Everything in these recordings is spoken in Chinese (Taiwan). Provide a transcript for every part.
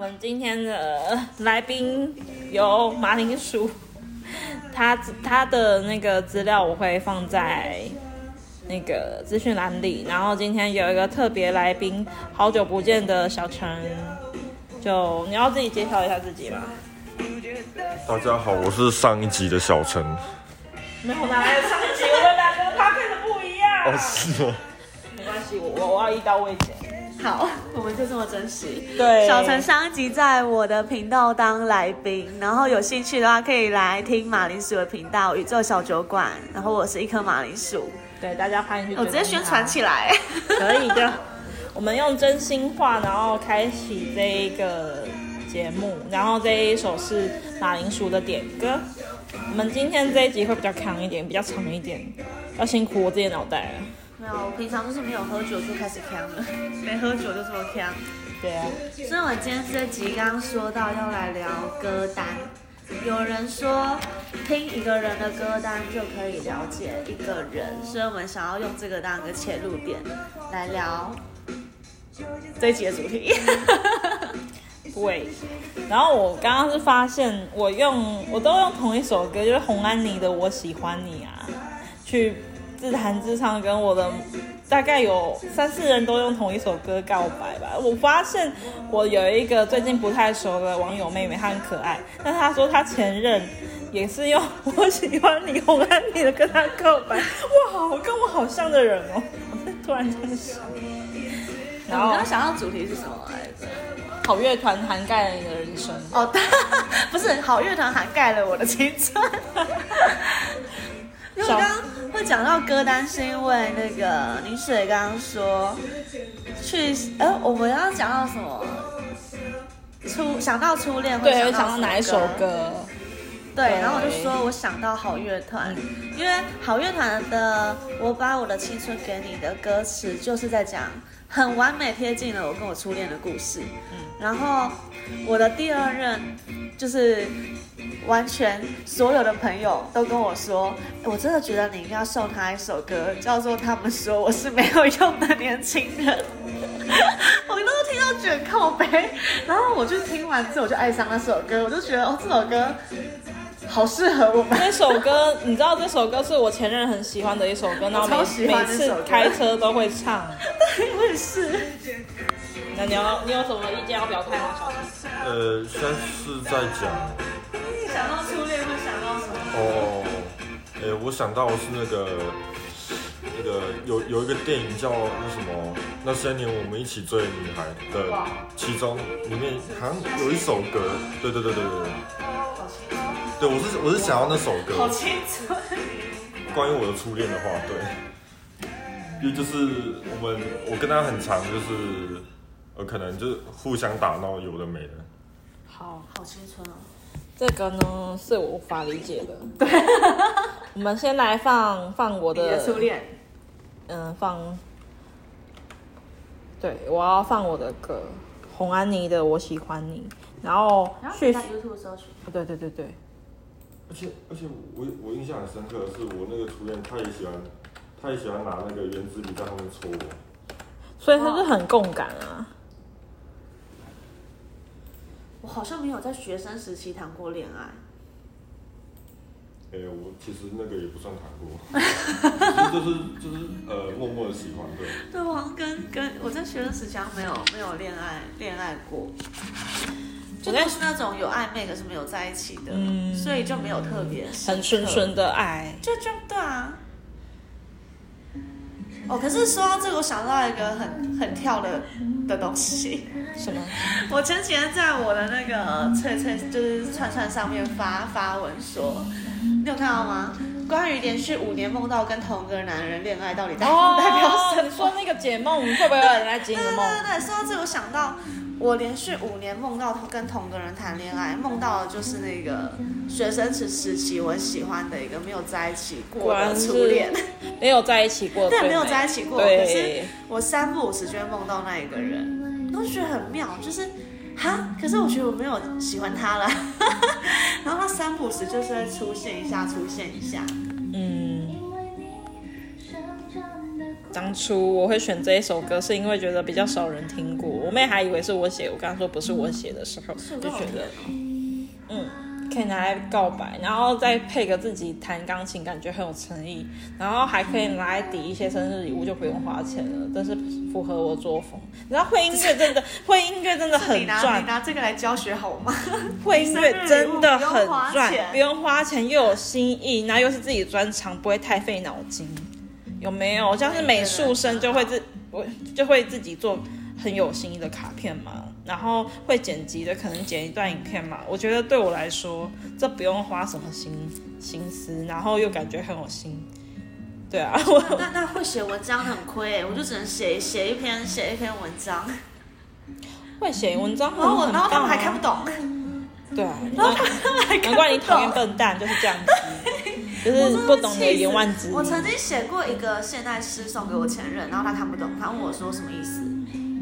我們今天的來賓有馬鈴薯他，他他的那個資料我會放在那個資訊欄裡。然後今天有一個特別來賓，好久不見的小丞，就你要自己介紹一下自己嗎？大家好，我是上一集的小丞。 沒有來上一集我們兩個搭配的他不一樣。 哦是哦，沒關係，我我我要一刀未剪。好，我們就這麼珍惜。對，小丞上一集在我的頻道當來賓，然後有興趣的話可以來聽馬鈴薯的頻道《宇宙小酒館》，然後我是一顆馬鈴薯。對，大家歡迎去。我直接宣傳起來，可以的。 我們用真心話，然後開啟這一個節目，然後這一首是馬鈴薯的點歌。我們今天這一集會比較扛一點，比較長一點，要辛苦我自己腦袋了。沒有，我平常都是沒有喝酒就開始扛了，沒喝酒就這麼扛。對啊，所以我今天這集剛剛說到要來聊歌單，有人說聽一個人的歌單就可以了解一個人，所以我們想要用這個當一個切入點來聊這集的主題。 對，然後我剛剛是發現我用我都用同一首歌，就是洪安妮的《我喜歡你》啊，去。自彈自唱，跟我的大概有三四人都用同一首歌告白吧。我發現我有一個最近不太熟的網友妹妹，她很可愛，但她說她前任也是用“我喜歡你我愛你”的跟她告白。哇我，跟我好像的人哦、喔！我突然在想……我們剛剛想到主題是什麼來着？好樂團涵蓋了你的人生哦，不是好樂團涵蓋了我的青春。因為我剛剛。會講到歌單是因為那個林雪剛剛說去呃，我們要講到什麼初想到初戀會到初，對，想到哪一首歌對？對，然後我就說我想到好樂團，因為好樂團的《我把我的青春給你的》歌詞就是在講。很完美貼近了我跟我初戀的故事，嗯、然後我的第二任就是完全所有的朋友都跟我說，我真的覺得你應該要送他一首歌，叫做《他們說我是沒有用的年輕人，》 我都聽到捲靠背，然後我就聽完之後我就愛上那首歌，我就覺得哦這首歌。好適合我們這首歌 你知道，這首歌是我前任很喜歡的一首歌，首歌然後每每次開車都會唱。我 也是。那你要你有什麼意見要表態嗎？呃，先是在講。想到初戀會想到什麼？哦，哎，我想到的是那個。那個有有一個電影叫那什麼，那些年我們一起追的女孩的，其中裡面好像有一首歌。對對對對對對，我是我是想要那首歌，好青春。關於我的初戀的話，對，也、嗯、就是我們我跟他很常，就是呃可能就是互相打鬧，有的沒的，好好青春啊，這個呢是我無法理解的，對， 我們先來放放我的、的初戀。嗯，放，對，我要放我的歌，洪安妮的《我喜歡你》，然後，然後去 YouTube 去對，對，對對對，而且而且我我印象很深刻的是，我那個初戀他也喜歡，他也喜歡拿那個原子筆在後面戳我，所以他是很共感啊。我好像沒有在學生時期談過戀愛。哎、欸，我其實那個也不算談過， 就是，就是就是呃，默默的喜歡。對。對，我跟跟我在學生時期沒有沒有戀愛戀愛過，就都是那種有曖昧可是沒有在一起的，嗯，所以就沒有特別很純純的愛。就就對啊。哦，可是說到這個，我想到了一個很很跳的的東西。什麼？我之前幾天在我的那個脆脆、呃、就是串串上面發發文說。你有看到嗎？關於連續五年夢到跟同個男人戀愛，到底代表什麼？哦、你說那個解夢會不會有人在解夢？對對對，對，對，說到這個，我想到我連續五年夢到跟同個人談戀愛，夢到的就是那個學生時時期我很喜歡的一個沒有在一起過的初戀，沒有， 沒有在一起過，對沒有在一起過，可是我三不五時就會夢到那一個人，我就覺得很妙，就是。哈，可是我覺得我沒有喜歡他了， 然後他三不時就是會出現一下，出現一下。嗯，當初我會選這一首歌，是因為覺得比較少人聽過。我妹還以為是我寫，我剛剛說不是我寫的時候，嗯、就覺得嗯。可以拿來告白，然後再配個自己彈鋼琴，感覺很有誠意。然後還可以拿來抵一些生日禮物，就不用花錢了。但是符合我作風。你知道會音樂真的，會音樂真的很賺你。你拿這個來教學好嗎？會音樂真的很賺，不用花錢，不用花錢又有心意，然後又是自己專長，不會太費腦筋。有沒有？像是美術生就會自我就會自己做。很有心意的卡片嘛，然後會剪輯的，可能剪一段影片嘛。我覺得對我來說，這不用花什麼心心思，然後又感覺很有心。對啊，那那會寫文章很虧、欸，我就只能寫寫一篇寫一篇文章。會寫文章，然後我，然後他們還看不懂。對、嗯、啊，然後他們還，他們還，難怪你討厭笨蛋就是這樣子， 就是不懂得言外之意。我，我曾經寫過一個現代詩送給我前任，然後他看不懂，他問我說什麼意思。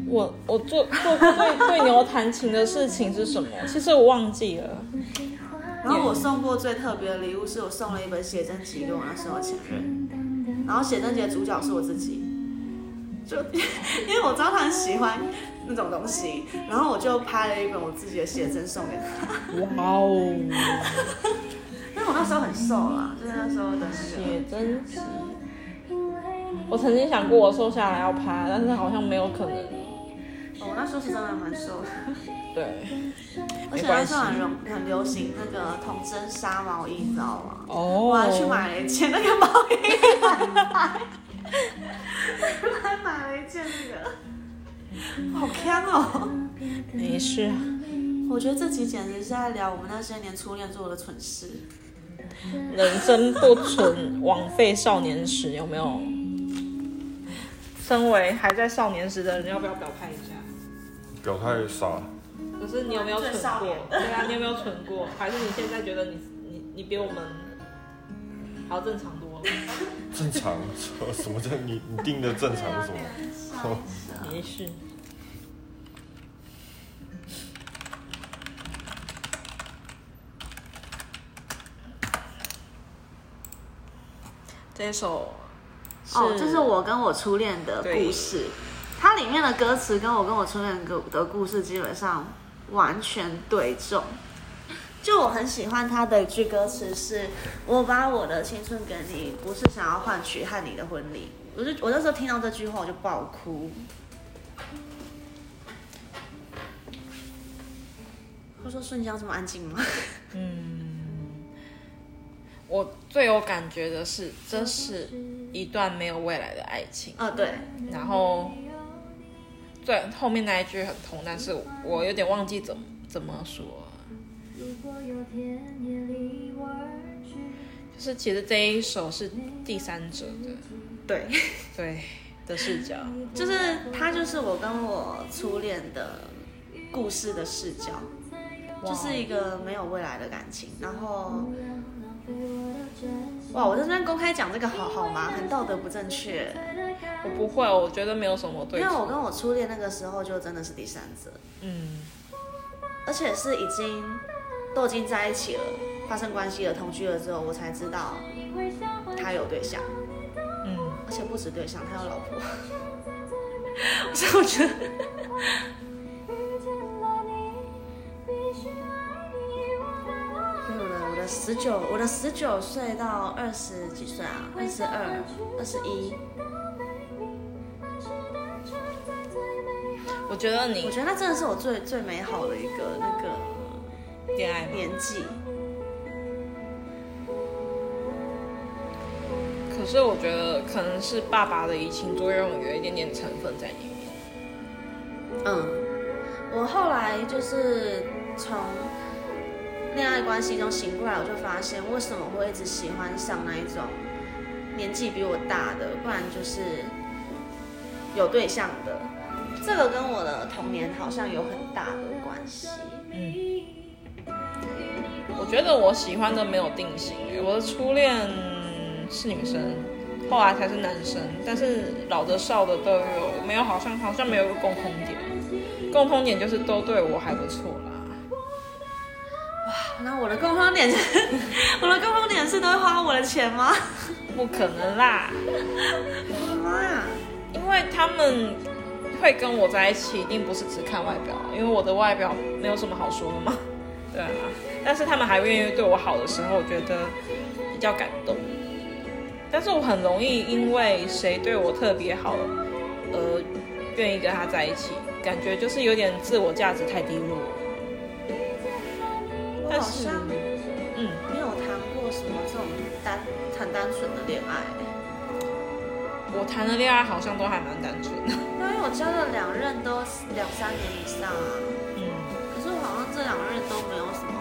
我我做做過對對牛彈琴的事情是什麼？其實我忘記了。Yeah. 然後我送過最特別的禮物，是我送了一本寫真集給我那時候。前、嗯、任。然後寫真集的主角是我自己，就因為我知道他很喜歡那種東西，然後我就拍了一本我自己的寫真送給他。哇哦！因為我那時候很瘦啦，就是那時候的那個、寫真集。我曾經想過我瘦下來要拍，但是好像沒有可能。我、哦、那說，還說實在蠻瘦的，對，而且那時候很流很流行那個童真紗毛衣，你知道嗎？哦、oh，我要去買了一件那個毛衣，哈、oh. 哈買、那個、 買了一件那個，好看哦。沒事，我覺得這集簡直是在聊我們那些年初戀做的蠢事。人生不蠢， 枉費少年時，有沒有？身為還在少年時的人，要不要表態？表太傻，可是你有沒有蠢過？對啊，你有沒有蠢過？還是你現在覺得你你你比我們，還要正常多了？正常？什麼叫你你定的正常是什麼？啊、沒, 沒事。這首，哦，這是我跟我初戀的故事。它裡面的歌詞跟我跟我初戀的的故事基本上完全對中，就我很喜歡它的一句歌詞是“我把我的青春給你，不是想要換取和你的婚禮”，我就我那時候聽到這句話我就爆哭。他說瞬間要這麼安靜嗎？嗯，我最有感覺的是，這是一段沒有未來的愛情。啊、哦、對，然後。對，後面那一句很痛，但是我有點忘記怎麼怎麼說。如果有天你離我而去，就是其實這一首是第三者的，對對的視角，就是他就是我跟我初戀的故事的視角，就是一個沒有未來的感情，然後。哇！我在這邊公開講這個，好好嗎？很道德不正確。我不會，我覺得沒有什麼對象。因為我跟我初戀那個時候，就真的是第三者。嗯。而且是已經都已經在一起了，發生關係了，同居了之後，我才知道他有對象。嗯。而且不止對象，他有老婆。所 以我想覺得。 十九，我的十九歲到二十幾歲啊，二十二、二十一。我覺得你，我覺得那真的是我最最美好的一個那個戀愛年紀。可是我覺得可能是爸爸的移情作用有一點點成分在裡面。嗯，我後來就是從。戀愛關係中醒過來，我就發現為什麼會一直喜歡上那一種年紀比我大的，不然就是有對象的。這個跟我的童年好像有很大的關係。嗯，我覺得我喜歡的沒有定型，我的初戀是女生，後來才是男生，但是老的少的都有，沒有好像好像沒有一個共通點，共通點就是都對我還不錯啦。那我的共同點是，我的共同點是都會花我的錢嗎？不可能啦！我的媽呀！因為他們會跟我在一起，一定不是只看外表，因為我的外表沒有什麼好說的嘛。對啊，但是他們還願意對我好的時候，我覺得比較感動。但是我很容易因為誰對我特別好，而願意跟他在一起，感覺就是有點自我價值太低落。好像，嗯，沒有談過什麼這種單談、嗯、單純的戀愛、欸。我談的戀愛好像都還蠻單純的。因為我交了兩任都兩三年以上啊。嗯。可是我好像這兩任都沒有什麼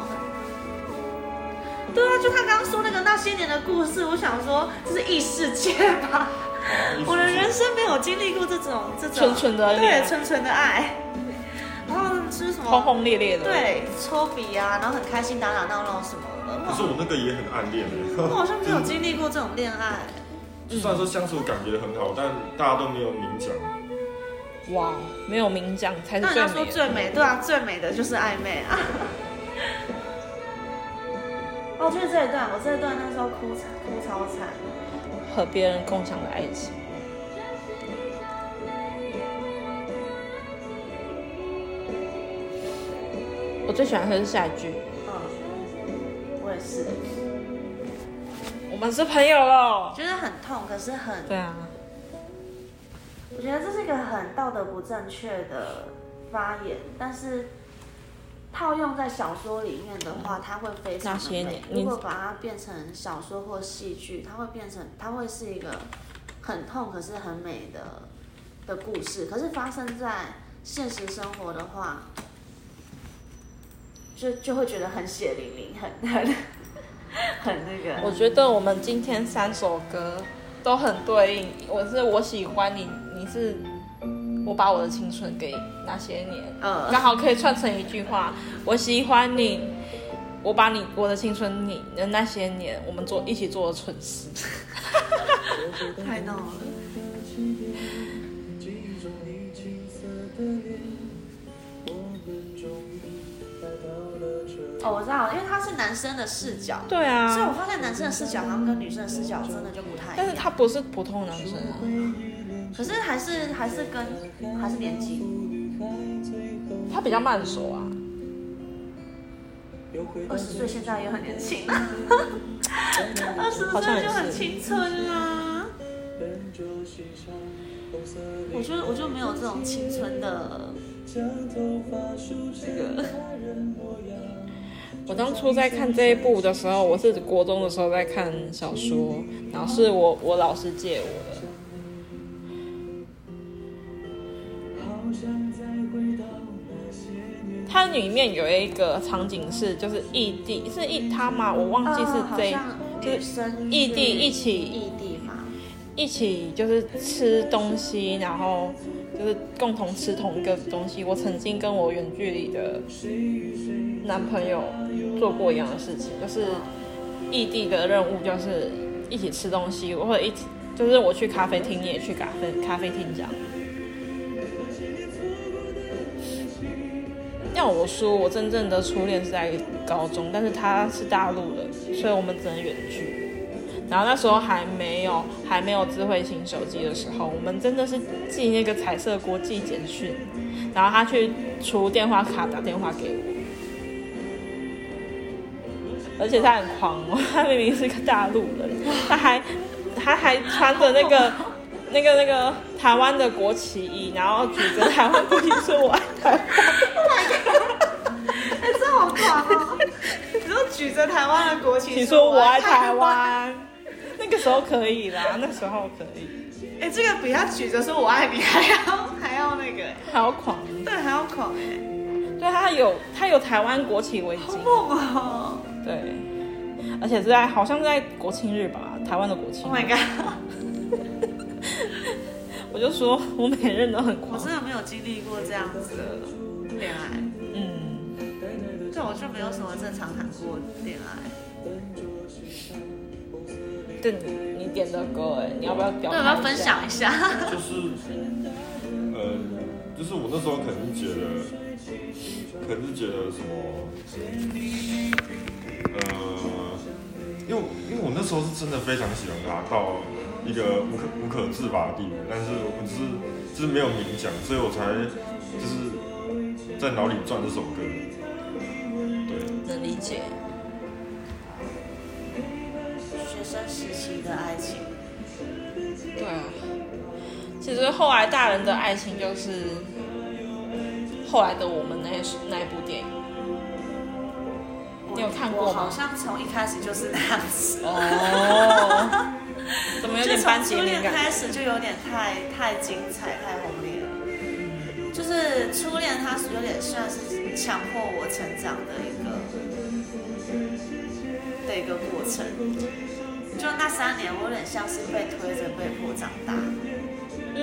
很。對啊，就他剛剛說那個那些年的故事，我想說這是異世界吧，是是？我的人生沒有經歷過這種這種純純的對，純純的愛。純純的愛轟轟烈烈的，對，抽鼻啊，然後很開心，打打鬧鬧什麼的。可是我那個也很暗戀欸，我好像沒有經歷過這種戀愛。雖然說相處感覺很好，但大家都沒有明講、嗯。哇，沒有明講才是最美。但人家說最美對，對啊，最美的就是曖昧啊。 哦，就是這一段，我這一段那時候哭慘，哭超慘。和別人共享的愛情。我最喜歡還是下一句。嗯，我也是。我們是朋友嘍。就是很痛，可是很……對啊。我覺得這是一個很道德不正確的發言，但是套用在小說裡面的話，它會非常美。那些年，如果把它變成小說或戲劇，它會變成，它會是一個很痛，可是很美的的故事。可是發生在現實生活的話。就就會覺得很血淋淋，很很很那個。我覺得我們今天三首歌都很對應。我是我喜歡你，你是我把我的青春給那些年，嗯、呃，剛好可以串成一句話： 我喜歡你，我把你我的青春你，你的那些年，我們做一起做的蠢事，太鬧了。我知道，因為他是男生的視角，對啊，所以我發現男生的視角，好像跟女生的視角真的就不太一樣。但是他不是普通的男生，啊，可是還是還是跟還是年紀，他比較慢熟啊。二十歲現在也很年輕，啊，二十歲就很青春啊。我就我就沒有這種青春的這、那個。我當初在看這一部的時候，我是國中的時候在看小說，然後是我我老師借我的。它裡面有一個場景是，就是異地是異他嗎？我忘記是這，哦，是異地，異地一起異地嘛，一起就是吃東西，然後。就是共同吃同一個東西。我曾經跟我遠距離的男朋友做過一樣的事情，就是異地的任務就是一起吃東西，或者一起就是我去咖啡廳，你也去咖啡咖啡廳這樣。要我說，我真正的初戀是在高中，但是他是大陸的，所以我們只能遠距。然後那時候還沒有還沒有智慧型手機的時候，我們真的是寄那個彩色國際簡訊，然後他去出電話卡打電話給我，而且他很狂哦，他明明是個大陸人，他還他還穿着那個那個那個、那個、台灣的國旗衣，然後舉着台灣國旗說“我愛台灣”，哎，這好狂哦！你 說舉着台灣的國旗，你說我愛台灣。 那個時候可以啦，那時候可以。哎、欸，這個比他舉着說“我愛你”還要還要那個，還要狂。對，還要狂、欸、對他有他有台灣國旗圍巾，好猛啊、喔。對，而且是在好像在國慶日吧，台灣的國慶。Oh my god！ 我就說我每任都很狂。我真的沒有經歷過這樣子的戀愛。嗯，對，我就沒有什麼正常談過戀愛。嗯、你點的歌哎，你要不要表？要不要分享一下？ 就是，呃，就是我那時候肯定覺得，肯定覺得什麼，呃，因為因為我那時候是真的非常喜歡他到一個無可無可自拔的地步，但是我只，就是就是沒有冥想，所以我才就是在腦裡轉這首歌。對，能理解。的愛情，對啊，其實後來大人的愛情就是後來的我們那一那一部電影，你有看過嗎？我好像從一開始就是那樣子。哦， 怎麼有點就從初戀開始就有點太太精彩太轟烈了。嗯，就是初戀，它是有點算是強迫我成長的一個的一個過程。就那三年，我有點像是被推着被迫長大，嗯，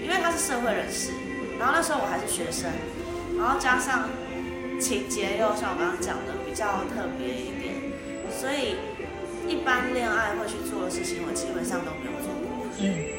因為他是社會人士，然後那時候我還是學生，然後加上情節又像我剛剛講的比較特別一點，所以一般戀愛會去做的事情，我基本上都沒有做過。嗯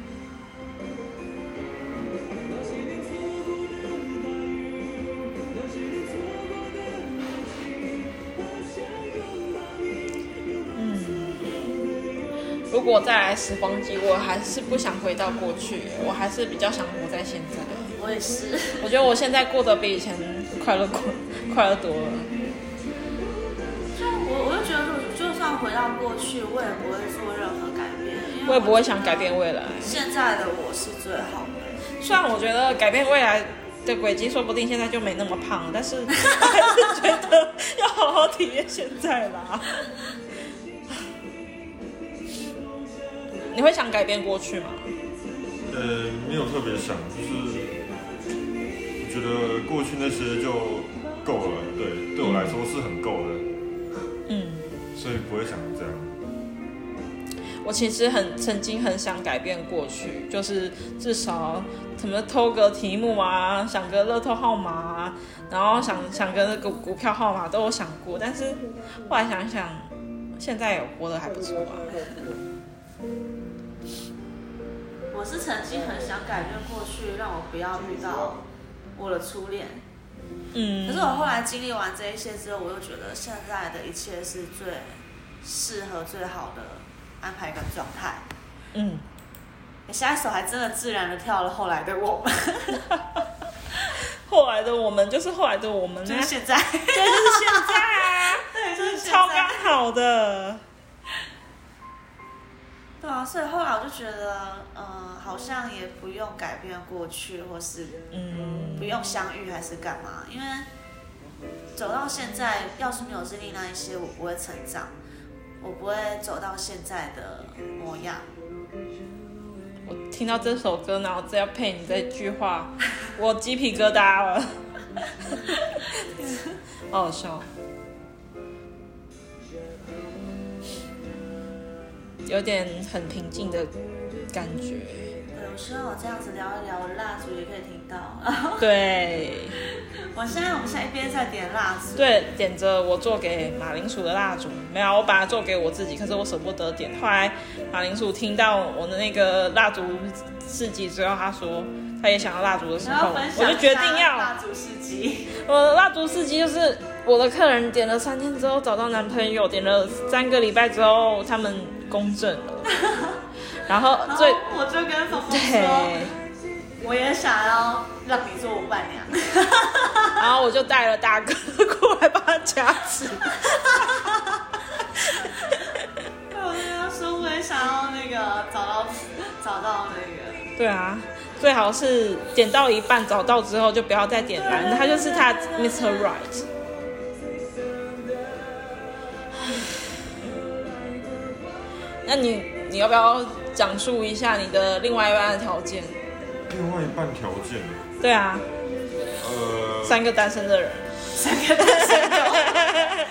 如果再來時光機，我還是不想回到過去，我還是比較想活在現在。我也是，我覺得我現在過得比以前快樂，快樂多了。就我，我就覺得，就算回到過去，我也不會做任何改變，我也不會想改變未來。現在的我是最好的。雖然我覺得改變未來的軌跡，說不定現在就沒那麼胖，但是還是覺得要好好體驗現在啦。你會想改變過去嗎？呃，沒有特別想，就是我覺得過去那些就夠了，對，對我來說是很夠的。嗯，所以不會想這樣。我其實很曾經很想改變過去，就是至少什麼偷個題目啊，想個樂透號碼啊，然後想想個那個股票號碼，都有想過。但是後來想想，現在也過得還不錯啊。我是曾經很想改變過去，讓我不要遇到我的初戀。嗯，可是我後來經歷完這一切之後，我又覺得現在的一切是最適合、最好的安排跟狀態。嗯，你現在手還真的自然地跳了，後來的我們。 後來的我們就是後來的我們、啊，就是 就是啊、 就是現在，就是現在啊，對，就是超剛好的。對啊，所以後來我就覺得，嗯、呃，好像也不用改變過去，或是不用相遇，還是幹嘛、嗯？因為走到現在，要是沒有經歷那一些，我不會成長，我不會走到現在的模樣。我聽到這首歌，然後這要配你這句話，我雞皮疙瘩了， 好好笑。有點很平靜的感覺。有時候我這樣子聊一聊蠟燭，蠟燭也可以聽到。 對，我現在我們現在一邊在點蠟燭。對，點着我做給馬鈴薯的蠟燭，沒有，我把它做給我自己，可是我舍不得點。後來馬鈴薯聽到我的那個蠟燭事蹟之後，他說他也想要蠟燭的時候，我就決定要蠟燭事蹟。我的蠟燭事蹟就是我的客人點了三天之後找到男朋友，點了三個禮拜之後他們。公正了，然後最，我就跟峰峰說，我也想要讓你做我伴娘， 然後我就帶了大哥過來把他夾死我，我也想要那個找到找到那個。對啊，最好是點到一半找到之後就不要再點了，他就是他，Mr. Right。那你你要不要講述一下你的另外一半的條件？另外一半條件？對啊對，呃，三個單身的人，三個單身的人，哈哈哈哈哈。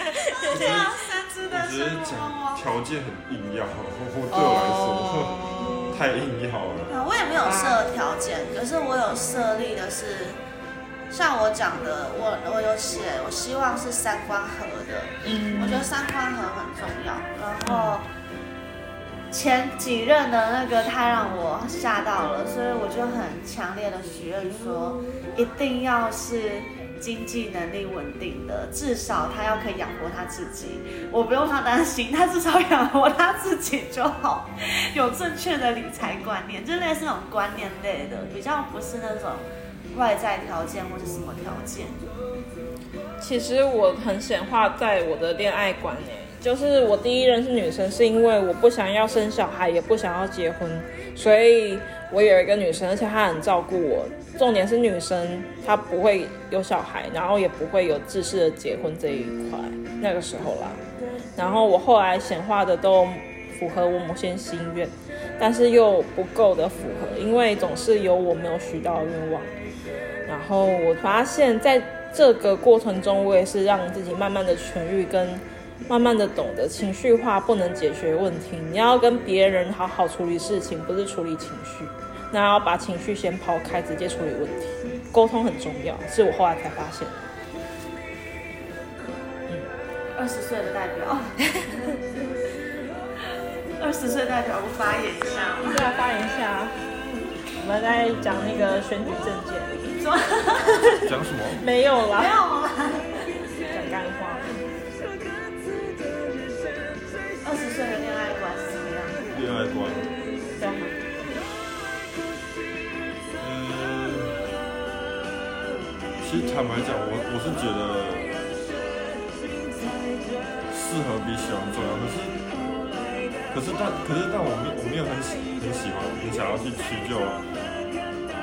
我覺得，我覺得講條件很硬要， 我對我來說，oh. 太硬要了。啊，yeah，我也沒有設條件，uh. 可是我有設立的是，像我講的，我我有寫，我希望是三觀合的，嗯、mm.，我覺得三觀合很重要，然後。Mm. 前幾任的那個太讓我嚇到了，所以我就很強烈的許願說，一定要是經濟能力穩定的，至少他要可以養活他自己，我不用他擔心，他至少養活他自己就好，有正確的理財觀念，就類似那種觀念類的，比較不是那種外在條件或是什麼條件。其實我很顯化在我的戀愛觀念。就是我第一任是女生，是因為我不想要生小孩，也不想要結婚，所以我有一個女生，而且她很照顧我。重點是女生她不會有小孩，然後也不會有正式的結婚這一塊。那個時候啦，然後我後來顯化的都符合我某些心願，但是又不夠的符合，因為總是有我沒有許到的願望。然後我發現在這個過程中，我也是讓自己慢慢的痊癒跟。慢慢的懂得情緒化不能解決問題，你要跟別人好好處理事情，不是處理情緒。那要把情緒先拋開，直接處理問題。溝通很重要，是我後來才發現的。嗯，二十歲的代表，二十歲代表，我發言一下，我們再，發言一下。我們在講那個選舉證件，講什,什麼？沒有啦，沒有。其實坦白講，我我是覺得適合比喜歡重要的。可是可是但可是但我沒我沒有很喜很喜歡，很想要去屈就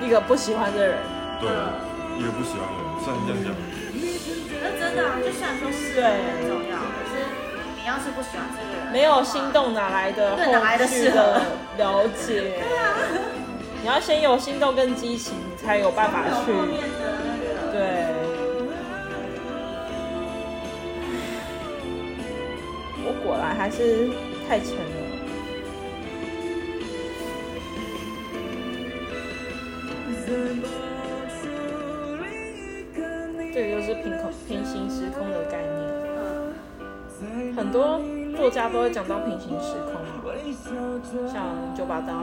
一個不喜歡的人。對，一個不喜歡的人、嗯、人，算你這樣講、嗯。那真的啊，就算說是很重要對，可是你要是不喜歡這個人，沒有心動，哪來的後續了來的適合了解 對啊，你要先有心動跟激情，你才有辦法去。還是太沉了。這個就是平行平行時空的概念。嗯，很多作家都會講到平行時空，像九把刀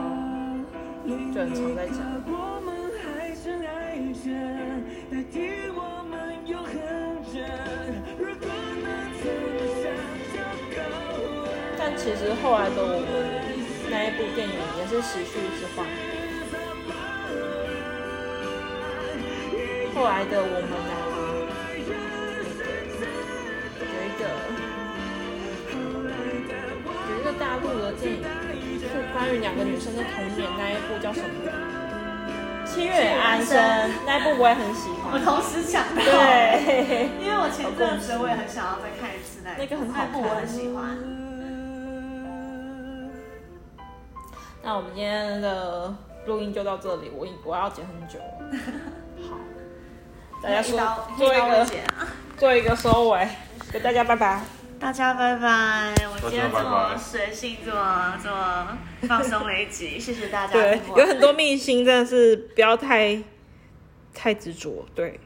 就很常在講。其實後來的我們那一部電影也是喜劇之王。後來的我們呢，有一個有一個大陸的電影，就關於兩個女生的童年，那一部叫什麼？七月安生，生那一部我也很喜歡。我同時想到，對 因為我前陣子我也很想要再看一次那個。那個很好看，我很喜歡。那我們今天的錄音就到這裡，我已我要剪很久了。 好，大家說做一個剪、啊、做一個收尾，跟大家拜拜。大家拜拜！我今天這麼隨性，這麼這麼放鬆了一集， 謝謝大家。對，有很多明星真的是不要太太執着，對。